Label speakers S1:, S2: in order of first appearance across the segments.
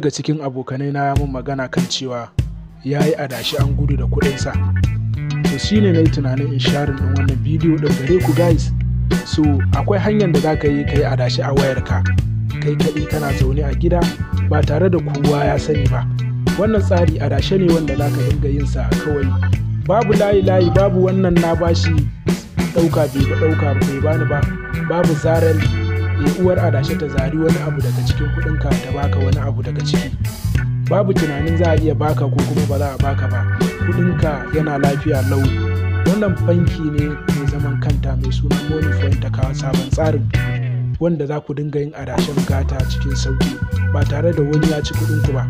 S1: daga cikin abokanai na ya mun magana kan cewa ya yi adashi an gudu da kuɗinsa to shi ne na yi tunanin in sharin ɗin wannan bidiyo ɗin gare ku guys so akwai hanyar da za ka yi ka yi adashi a wayarka kai kaɗai kana zaune a gida ba tare da kowa ya sani ba wannan tsari adashe ne wanda za ka dinga yin sa kawai babu layi layi babu wannan na bashi ɗauka bai ba ɗauka bai bani ba babu zarar uwar adashe ta zari wani abu daga cikin ka ta baka wani abu daga ciki babu tunanin za a iya baka ko kuma ba za a baka ba kudinka yana lafiya lau wannan banki ne mai zaman kanta mai suna money point ta kawo sabon tsarin wanda za ku dinga yin adashen gata cikin sauki ba tare da wani ya ci ku ba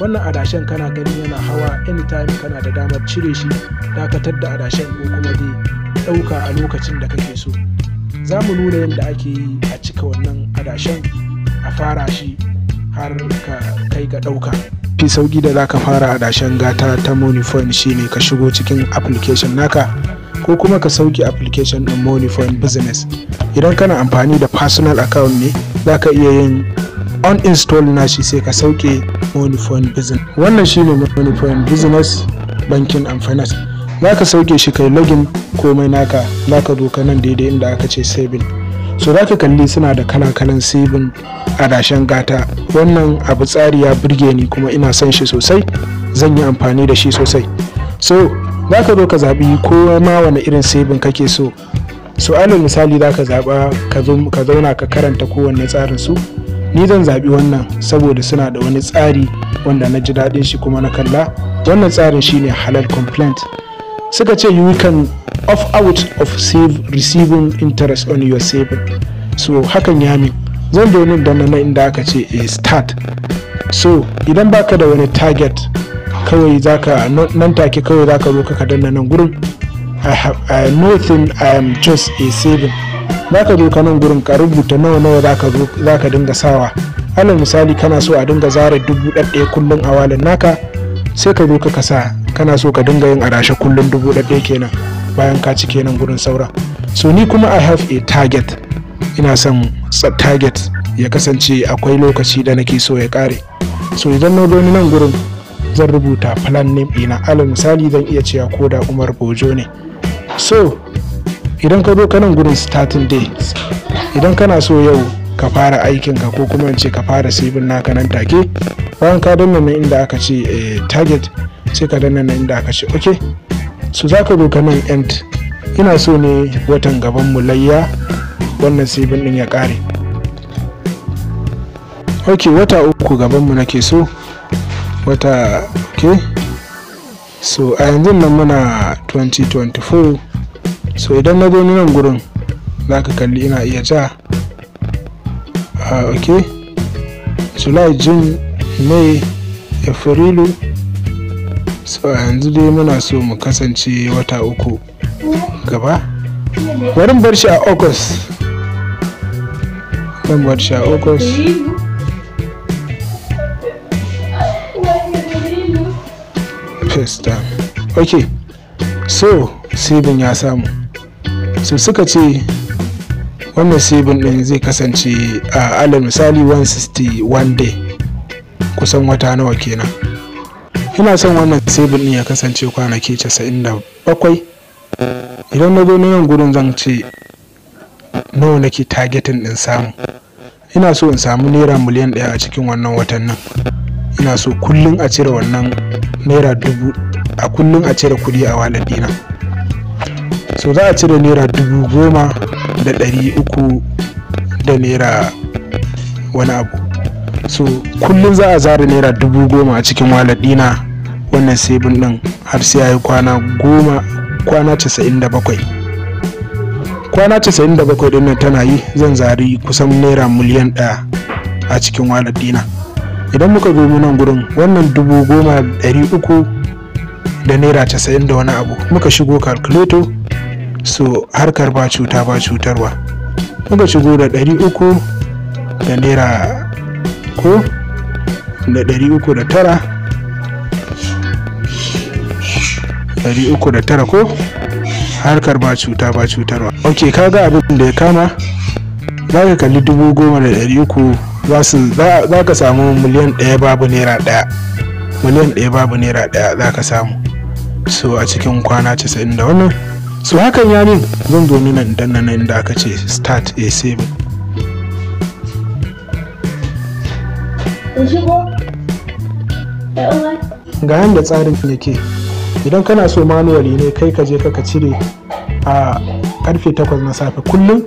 S1: wannan adashen kana gani yana hawa anytime kana da damar cire shi dakatar da adashen ko kuma dai ɗauka a lokacin da kake so za mu nuna yadda ake yi a cika wannan adashen a fara shi har ka kai ga ɗauka fi sauki da za ka fara adashen gata ta shi shine ka shigo cikin application naka ko kuma ka sauke application ɗin Monifon business idan kana amfani da personal account ne za ka iya yin uninstall nashi sai ka sauke Monifon business wannan shine Monifon business bankin and finance za ka sauke shi kai login komai naka za ka doka nan daidai inda aka ce saving so za ka kalli suna da kalan-kalan saving a dashen gata wannan abu tsari ya burge ni kuma ina son shi sosai zan yi amfani da shi sosai so za ka zo ka zaɓi ko ma wani irin saving kake so so alal misali za ka zaɓa ka zauna ka karanta kowanne tsarin su ni zan zaɓi wannan saboda suna da wani tsari wanda na ji daɗin shi kuma na kalla wannan tsarin shine halal complaint suka ce you can off out of save receiving interest on your saving so hakan ya min zan da wani dana inda aka ce a eh, start so idan baka da wani target kawai zaka nan take kawai zaka zo ka danna nan gurin I have I nothing I am just a saving zaka zo ka nan gurin ka rubuta nawa nawa zaka zo zaka dinga sawa alal misali kana so a dinga zara dubu ɗaya kullum a walin naka sai ka zo ka kasa kana so ka dinga yin arashe kullum dubu ɗaɗɗe kenan bayan ka ci kenan gurin saura so ni kuma i have a target ina son target ya kasance akwai lokaci da nake so ya kare so idan na zo nan gurin zan rubuta plan name ina alal misali zan iya cewa ko da umar bojo ne so idan ka zo ka nan gurin starting day idan kana so yau ka fara aikinka ko kuma in ce ka fara sibin naka nan take bayan ka danna inda aka ce eh, target sai ka danna inda aka ce ok su za ka zo nan end ina so ne watan gaban mu layya wannan sibin din ya kare ok wata uku gaban mu nake so wata ok so a yanzu nan muna 2024 so idan na zo nan gurin za ka kalli ina iya ja uh, ok july june may afrilu so a yanzu dai muna so mu kasance wata uku gaba bari bar shi a august zan bar shi a august first ok so sibin ya samu so suka ce wannan sibin ɗin zai kasance a alal misali 161 day kusan wata nawa kenan ina son wannan sabon ɗin ya kasance kwanaki 97 idan na zo na yin gudun zan ce nawa nake targetin ɗin samu ina so in samu naira miliyan ɗaya a cikin wannan watan nan ina so kullum a cire wannan naira dubu a kullum a cire kudi a waladina so za a cire naira dubu goma da ɗari uku da naira wani abu so kullum za a zara naira dubu goma a cikin waladina. dina wannan sabon din har sai ya yi kwana goma kwana 97 kwana 97 din nan tana yi zan zari kusan naira miliyan ɗaya a cikin wallet dina idan muka zo nan gurin wannan dubu goma dari uku da naira casa'in da wani abu muka shigo calculator so harkar ba cuta ba cutarwa muka shigo da dari uku da naira ko da dari uku da tara 309 ko harkar ba cuta ba cutarwa ok kaga abin da ya kama za ka kalli 10,300 za ka samu miliyan daya babu naira daya miliyan daya babu naira daya za ka samu so a cikin kwana 90 da wannan so hakan ya min zan zo nan dan nan da aka ce start a saving ga yadda tsarin yake idan kana so manuwali ne kai ka je ka cire a karfe 8 na safe kullum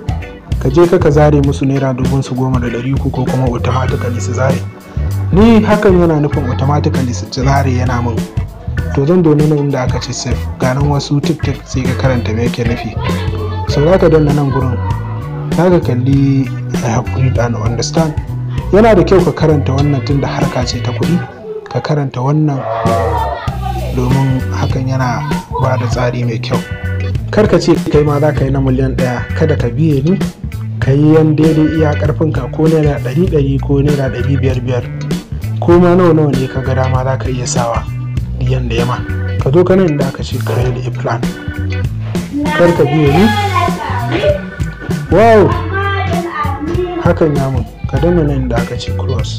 S1: ka je ka zare musu naira dubun su goma da dari uku ko kuma automatically su zare ni hakan yana nufin automatically su zare yana min to zan doni na inda aka ce safe ganin wasu tiktok sai ka karanta me yake nufi sau za ka danna nan gurin za ka kalli a eh, hakuri da and understand yana da kyau ka karanta wannan tunda harka ce ta kuɗi ka karanta wannan domin hakan yana ba da tsari mai kyau kar ka ce kai ma za ka yi na miliyan ɗaya kada ka biye ni ka yi yan daidai iya karfinka ko naira ɗari ɗari ko naira ɗari biyar biyar ko ma nawa nawa ne ka ga dama za ka iya sawa yan da yama ka zo ka nan da aka ce ka yi da plan kar ka ni wow hakan ya mun ka dama nan da aka ce cross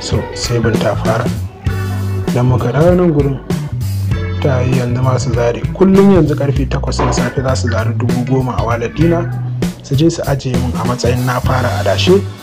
S1: so sai bin ta fara da makarar nan gurin ta yi yanzu masu zare kullum yanzu karfe 8 na safe za su zare dubu goma a waladina su je su ajiye mun a matsayin na fara adashe